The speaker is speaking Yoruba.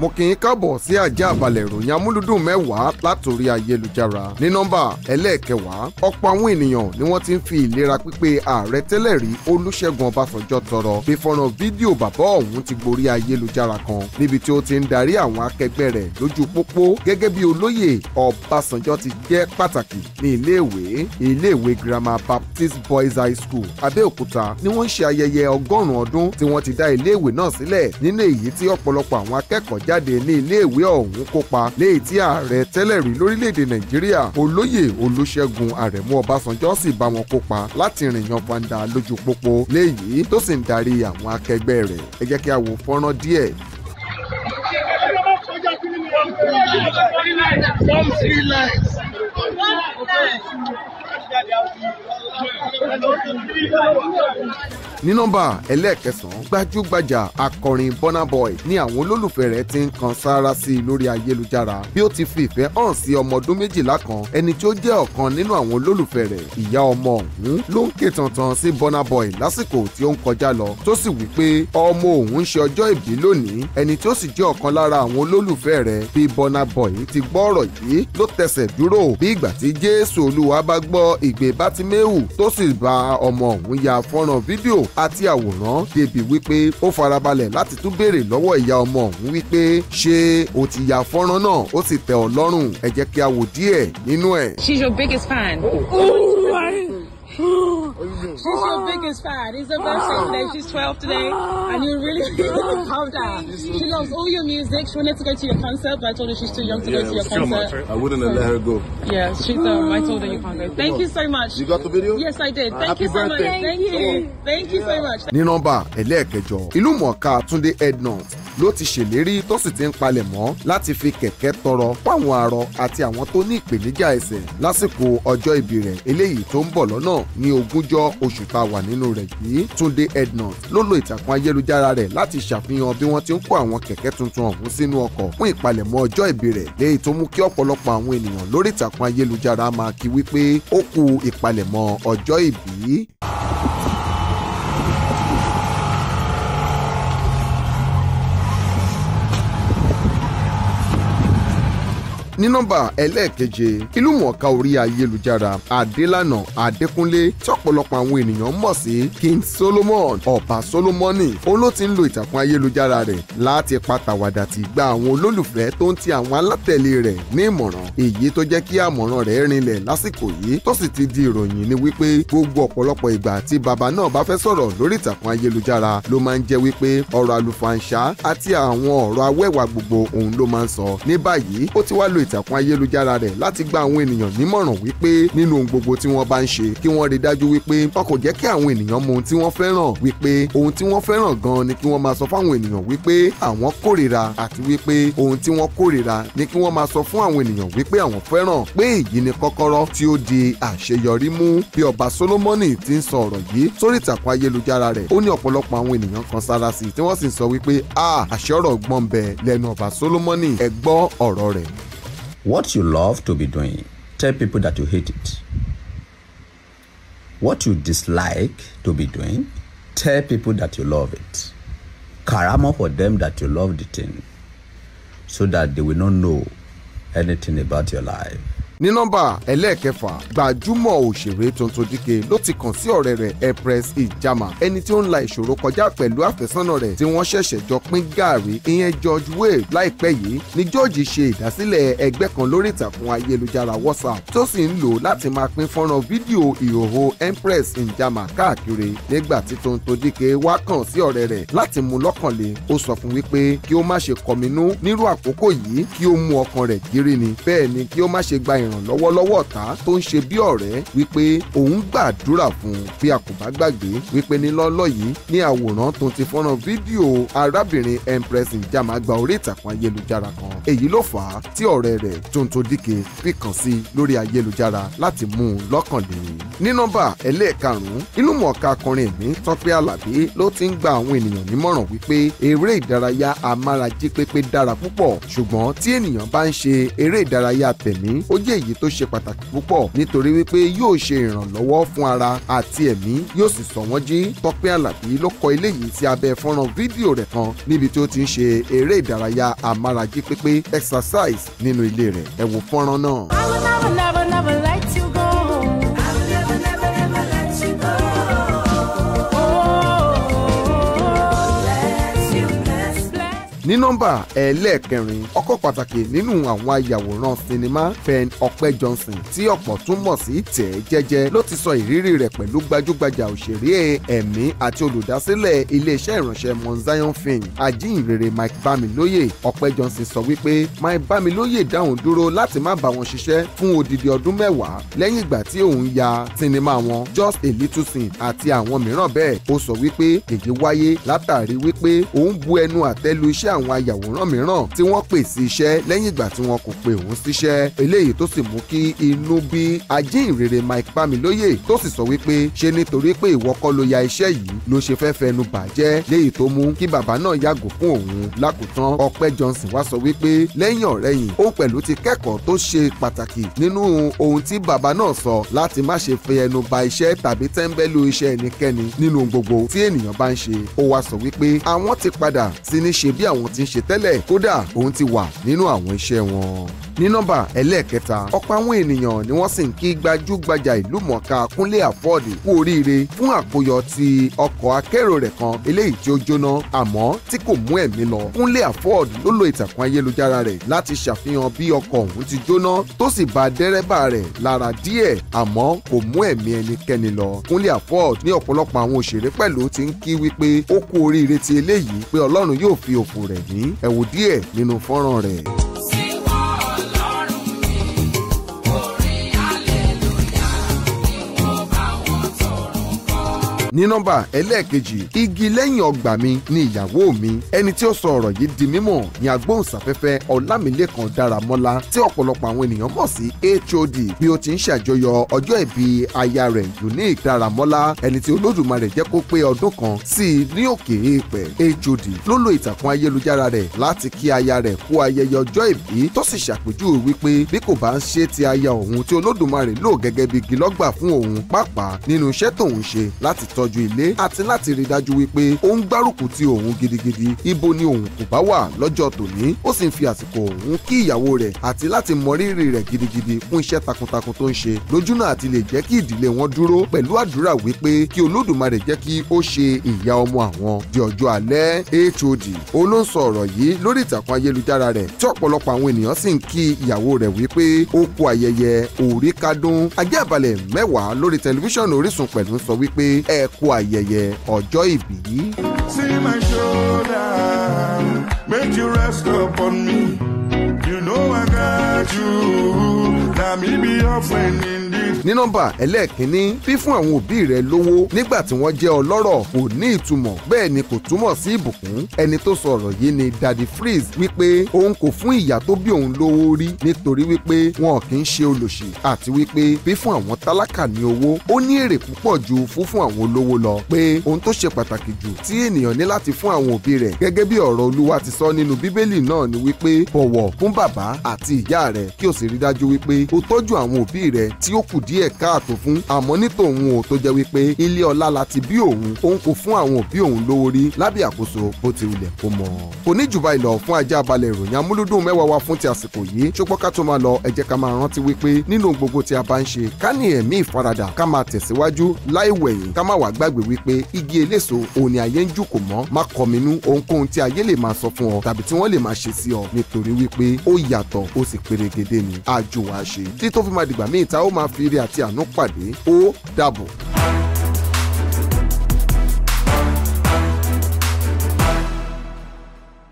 mo kì í káàbọ̀ sí àjẹ́ àbálẹ̀ ìròyìn amúlùdùn mẹ́wàá látòrí ayélujára ní nọ́mbà ẹlẹ́ẹ̀kẹwàá ọ̀pọ̀ àwọn ènìyàn ni wọ́n ti ń fi ìlera pípé ààrẹ tẹ́lẹ̀ rí olúṣẹ́gun ọbásanjọ́ tọrọ bí fọ́nrán fídíò bàbá ọ̀hún ti gborí ayélujára kan níbi tí ó ti ń darí àwọn akẹgbẹ́ rẹ̀ lójú pópó gẹ́gẹ́ bí olóyè ọbásanjọ́ ti jẹ́ pàtàkì ní iléèwé iléèwé girama baptist boys high school abeokuta ni wọ́n ń ṣe ayẹyẹ ọgọ́rùn-ún ọdún tí wọ́n ti dá iléèwé náà sílẹ̀ nínú èyí tí ọ̀pọ̀lọpọ̀ àwọn akẹ́kọ̀ọ́ jáde ní iléèwé ọ̀hún kópa léyìí tí ààrẹ tẹ́lẹ̀ rí lórílẹ̀‐èdè nàìjíríà olóyè olúṣẹ́gun àrẹ̀mú ọbásanjọ́ sì bá wọn kópa láti rìn yanfanda lójú pópó léyìí tó sì ń darí àwọn akẹgbẹ́ rẹ̀ ẹ jẹ́ kí a wo fọ́nrán díẹ̀. Some three lines. One line ní nọ́mbà ẹlẹ́ẹ̀kẹsàn-án gbajúgbajà akọrin Burna Boy ni àwọn olólùfẹ́ rẹ̀ ti ń kan sáárá sí i lórí ayélujára bí ó ti fi ìfẹ́ hàn sí ọmọ ọdún méjìlá kan ẹni tí ó jẹ́ ọ̀kan nínú àwọn olólùfẹ́ rẹ̀ ìyá ọmọ ọ̀hún ló ń ké tantan sí Burna Boy lásìkò tí ó ń kọjá lọ tó sì wí pé ọmọ òun ń ṣe ọjọ́ ìbí lónìí ẹni tí ó sì jẹ́ ọ̀kan lára àwọn olólùfẹ́ rẹ̀ bí Burna Boy ti gbọ́ ọ̀rọ̀ yìí ló tẹsẹ̀ dúró bí ìgbà gbọ́ ìgbé bátíméhù tó sì bá ọmọ ọ̀hún ya fọ́nrán fídíò àti àwòrán débi wípé ó farabalẹ̀ láti tún béèrè lọ́wọ́ ìyá ọmọ ọ̀hún wípé ṣé o ti ya fọ́nrán náà ó sì tẹ́ ọ lọ́rùn ẹ kí a wò díẹ̀ nínú ẹ̀. she's your biggest fan. Oh. She's your biggest fan. It's her birthday today. She's 12 today. And you really calm down. She loves all your music. She wanted to go to your concert, but I told her she's too young to yeah, go to your concert. I wouldn't have let her go. Yeah, she's um, I told her you can't go. Thank you so much. You got the video? Yes, I did. Uh, Thank you so birthday. much. Thank, Thank you. Thank you yeah. so much. Ní nọ́mbà ẹlẹ́ẹ̀kẹjọ, ìlú Túndé Ednor ló ti ṣèlérí tó sì ti ń palẹ̀ mọ́ láti fi kẹ̀kẹ́ tọrọ fáwọn arọ àti àwọn tó ní ìpèníjà ẹsẹ̀ lásìkò ọjọ́ ìbí rẹ̀ eléyìí tó ń bọ̀ lọ́nà ní ogúnjọ́ oṣù tá wà nínú rẹ̀ yìí Túndé Ednut ló lo ìtàkùn ayélujára rẹ̀ láti ṣàfihàn bí wọ́n ti ń kó àwọn kẹ̀kẹ́ tuntun ọ̀hún sínú ọkọ̀ fún ìpalẹ̀mọ́ ọjọ́ ìbí rẹ̀ léyìí tó mú kí ọ̀pọ̀lọpọ̀ àwọn ènìyàn lórí ìtàkùn ayélujára máa kí wípé ó kú ìpalẹ̀mọ́ ọjọ́ ìbí. ní nọ́mbà ẹlẹ́ẹ̀keje ìlúmọ̀ọ́ká orí ayélujára Adélànà Adékúnlé tí ọ̀pọ̀lọpọ̀ àwọn ènìyàn mọ̀ sí King Solomon ọba Solomoni òun ló ti ń lo ìtàkùn ayélujára rẹ̀ láti pa tàwàdà tì gba àwọn olólùfẹ́ tó ń ti àwọn alátẹ̀lé rẹ̀ ní ìmọ̀ràn èyí tó jẹ́ kí àmọ̀ràn rẹ̀ rinlẹ̀ lásìkò yìí tó sì ti di ìròyìn ni wípé gbogbo ọ̀pọ̀lọpọ̀ ìgbà tí bàbá náà bá fẹ́ sọ̀rọ̀ lórí ìtàkùn ayélujára ló máa ń jẹ́ wípé ọ̀rọ̀ àlùfàǹṣá àti àwọn ọ̀rọ̀ awẹ́wà gbogbo òun ló máa ń sọ ní ìtàkùn ayélujára rẹ̀ láti gba àwọn ènìyàn nímọ̀ràn wípé nínú ohun gbogbo tí wọ́n bá ń ṣe kí wọ́n rí dájú wípé wọn kò jẹ́ kí àwọn ènìyàn mọ ohun tí wọ́n fẹ́ràn wípé ohun tí wọ́n fẹ́ràn gan ni kí wọ́n máa sọ fáwọn ènìyàn wípé àwọn kórìíra àti wípé ohun tí wọ́n kórìíra ni kí wọ́n máa sọ fún àwọn ènìyàn wípé àwọn fẹ́ràn pé èyí ni kọ́kọ́rọ́ tí ó di àṣeyọrí mú bí ọba Solomoni ti ń sọ ọ̀rọ̀ yìí sórí ìtàkùn ayélujára rẹ̀ ó ní ọ̀pọ̀lọpọ̀ àwọn ènìyàn kan sára sí i tí wọ́n sì ń sọ wípé a àṣẹ ọ̀rọ̀ gbọ́n bẹ lẹ́nu ọba Solomoni ẹ ọ̀rọ̀ rẹ̀. What you love to be doing, tell people that you hate it. What you dislike to be doing, tell people that you love it. Karama for them that you love the thing so that they will not know anything about your life. ní nọ́mbà ẹlẹ́ẹ̀kẹfà gbajúmọ̀ òṣèré Tonto Dike ló ti kàn sí ọ̀rẹ́ rẹ̀ Empress Ijama ẹni tí ó ń la ìṣòro kọjá pẹ̀lú àfẹ́sọ́nà rẹ̀ tí wọ́n ṣẹ̀ṣẹ̀ jọ pín gààrí ìyẹn George Wade láìpẹ́ yìí ni George ṣe ìdásílẹ̀ ẹgbẹ́ kan lórí ìtàkùn ayélujára WhatsApp tó sì ń lò láti máa pín fọ́nrán fídíò ìhòòhò Empress Ijama káàkiri nígbà tí Tonto Dike wá kàn sí ọ̀rẹ́ rẹ̀ láti mú lọ́kànlé ó sọ fún wípé kí ó má ṣe kọminú ni bẹ́ẹ̀ ni ìrànlọ́wọ́ lọ́wọ́ ọ̀tá tó ń ṣe bí ọ̀rẹ́ wípé òun gbàdúrà fún un bí a kò bá gbàgbé wípé nílọ́lọ́ yìí ní àwòrán tó ti fọ́nrán fídíò arábìnrin Empress Njama gba orí ìtàkùn ayélujára kan èyí ló fà á tí ọ̀rẹ́ rẹ̀ Tonto Dike fi kàn sí lórí ayélujára láti mú un lọ́kànlé ní nọ́mbà ẹlẹ́ẹ̀karùn-ún inú mọ̀ọ́ká akọrin ẹ̀mí Tọ́pẹ́ Àlàbí ló ti ń gba àwọn ènìyàn nímọ̀ràn wípé eré ìdárayá amárají pépé dára púpọ̀ ṣùgbọ́n tí ènìyàn bá ń ṣe eré ìdárayá tẹ̀mí ó jẹ́ èyí tó ṣe pàtàkì púpọ̀ nítorí wípé yóò ṣe ìrànlọ́wọ́ fún ara àti ẹ̀mí yóò sì sọ wọ́n jí Tọ́pẹ́ Àlàbí ló kọ eléyìí sí abẹ́ fọ́nrán fídíò rẹ̀ kan níbi tí ó ti ń ṣe eré ìdárayá amárají pépé exercise nínú ilé rẹ̀ ẹ wo fọ́nrán náà. ní nọ́mbà ẹlẹ́ẹ̀kẹrin ọkọ̀ pàtàkì nínú àwọn ayàwòrán sinimá Fen Ọpẹ́ Johnson tí ọ̀pọ̀ tún mọ̀ sí tẹ̀ jẹ́jẹ́ ló ti sọ ìrírí rẹ̀ pẹ̀lú gbajúgbajà òṣèré ẹ̀mí àti olùdásílẹ̀ iléeṣẹ́ ìrànṣẹ́ Mount Zion Film àjíǹrere Mike Bamilóyè Ọpẹ́ Johnson sọ wípé Mike Bamilóyè dáhùn dúró láti má bá wọn ṣiṣẹ́ fún odidi ọdún mẹ́wàá lẹ́yìn ìgbà tí òun ya sinimá wọn Just a Little Thing àti àwọn mìíràn bẹ́ẹ̀ ó sọ wípé èyí wáyé látàrí wípé òun bu ẹnu àtẹ́lu iṣẹ́ àwọn àwọn ayàwòrán mìíràn tí wọ́n pè sí iṣẹ́ lẹ́yìn ìgbà tí wọn kò pe òun síṣẹ́ eléyìí tó sì mú kí inú bí ajínrere Mike Bámilóyè tó sì sọ wípé ṣe nítorí pé ìwọ kọ́ ló ya iṣẹ́ yìí ló ṣe fẹ́ fẹnu bàjẹ́ léyìí tó mú kí bàbá náà yàgò fún òun lákòótán Ọpẹ́ Johnson wá sọ wípé lẹ́yìn ọ̀rẹ́yìn òun pẹ̀lú ti kẹ́kọ̀ọ́ tó ṣe pàtàkì nínú ohun tí bàbá náà sọ láti má ṣe fi ba iṣẹ́ tàbí tẹ́ńbẹ́lú iṣẹ́ ẹnikẹ́ni nínú gbogbo tí ènìyàn bá ń ṣe ó wá sọ wípé àwọn ti padà sí ní ṣe bí àwọn ti ń ṣe tẹ́lẹ̀ kódà òun ti wà nínú àwọn iṣẹ́ wọn ní nọ́mbà ẹlẹ́ẹ̀kẹta ọ̀pọ̀ àwọn ènìyàn ni wọ́n sì ń kí gbajúgbajà ìlú mọ̀ọ́ká kúnlé àfọ́ọ̀dì kú oríire fún àkóyọ ti ọkọ̀ akérò rẹ̀ kan eléyìí tí ó jóná àmọ́ tí kò mú ẹ̀mí lọ kúnlé àfọ́ọ̀dì ló lo ìtàkùn ayélujára rẹ̀ láti ṣàfihàn bí ọkọ̀ ọ̀hún ti jóná tó sì bà dẹ́rẹ́bà rẹ̀ lára díẹ̀ àmọ́ kò mú ẹ̀mí ẹnikẹ́ni lọ kúnlé àfọ́ọ̀dì ní ọ̀pọ̀lọpọ̀ àwọn òṣèré pẹ̀lú ti ń kí wípé ó kú oríire ti eléyìí pé ọlọ́run yóò fi òkú rẹ̀ wọ̀nyí ẹ wò díẹ̀ nínú fọ́nrán rẹ̀. ní nọ́mbà ẹlẹ́ẹ̀kejì igi lẹ́yìn ọgbà mi ni ìyàwó mi ẹni tí ó sọ ọ̀rọ̀ yìí di mímọ̀ ní agbóhùnsáfẹ́fẹ́ ọlámilẹ́kan dáramọ́lá tí ọ̀pọ̀lọpọ̀ àwọn ènìyàn mọ̀ sí hod bí ó ti ń ṣàjọyọ̀ ọjọ́ ìbí aya rẹ̀ unique dáramọ́lá ẹni tí olódùmarè jẹ́ kó pé ọdún kan sí i ní òkè èèpẹ̀ hod ló lo ìtàkùn ayélujára rẹ̀ láti kí aya rẹ̀ kú ayẹyẹ ọjọ́ ìbí tó sì ṣàpèjúwe wípé bí kò bá ń ṣe ti aya òun tí olódùmarè lò gẹ́gẹ́ bí gilọ́gbà fún òun pàápàá nínú iṣẹ́ tóun ṣe láti t ìtọ́jú ilé àti láti rí dájú wípé òun gbárùkù ti òun gidigidi ibo ni òun kò bá wà lọ́jọ́ tòní ó sì ń fi àsìkò òun kí ìyàwó rẹ̀ àti láti mọrírì rẹ̀ gidigidi fún iṣẹ́ takuntakun tó ń ṣe lójúnà àti lè jẹ́ kí ìdílé wọn dúró pẹ̀lú àdúrà wípé kí olódùmarè jẹ́ kí ó ṣe ìyá ọmọ àwọn di ọjọ́ alẹ́ HOD olóńsọ ọ̀rọ̀ yìí lórí ìtàkùn ayélujára rẹ̀ tí ọ̀pọ̀lọpọ̀ àwọn ènìyàn sì ń kí ìyàwó rẹ̀ wípé ó kú ayẹyẹ òrí kádún ajá àbálẹ̀ mẹ́wàá lórí tẹlifíṣàn Orísun pẹ̀lú sọ wípé ẹ kú ayẹyẹ ọjọ́ ìbí. See my shoulder, make you rest upon me. You know I got you, na me be your friend. ní nọ́mbà ẹlẹ́ẹ̀kínní fífún àwọn òbí rẹ lówó nígbà tí wọ́n jẹ́ ọlọ́rọ̀ kò ní ìtumọ̀ bẹ́ẹ̀ ni kò túmọ̀ sí ìbùkún ẹni tó sọ ọ̀rọ̀ yìí ni Daddy Freeze wípé òun kò fún ìyá tó bí òun lówó rí nítorí wípé wọn kì í ṣe olòṣì àti wípé fífún àwọn tálákà ní owó ó ní èrè púpọ̀ ju fífún àwọn olówó lọ pé ohun tó ṣe pàtàkì jù tí ènìyàn ní láti fún àwọn òbí rẹ̀ gẹ́gẹ́ bí ọ̀rọ̀ Olúwa ti sọ nínú Bíbélì náà ni wípé bọ̀wọ̀ fún bàbá àti ìyá rẹ̀ kí o sì rí dájú wípé o tọ́jú àwọn òbí rẹ̀ tí ó kù díẹ̀ káàtó fún àmọ́ ní tòun ò tó jẹ́ wípé ilé ọlá la ti bí òun òun kò fún àwọn òbí òun lówó rí lábẹ́ àkóso bó ti wulẹ̀ kó mọ́. kò ní jùbá ìlọ fún ajá balẹ̀ ìròyìn amúlúdùn mẹ́wàá wa fún ti àsìkò yìí ṣùgbọ́n ká tó máa lọ ẹ jẹ́ ká máa rántí wípé nínú gbogbo tí a bá ń ṣe ká ní ẹ̀mí ìfaradà ká máa tẹ̀síwájú láì wẹ̀yìn ká má wàá gbàgbé wípé igi ire àti àánú pàdé ó dàbọ̀.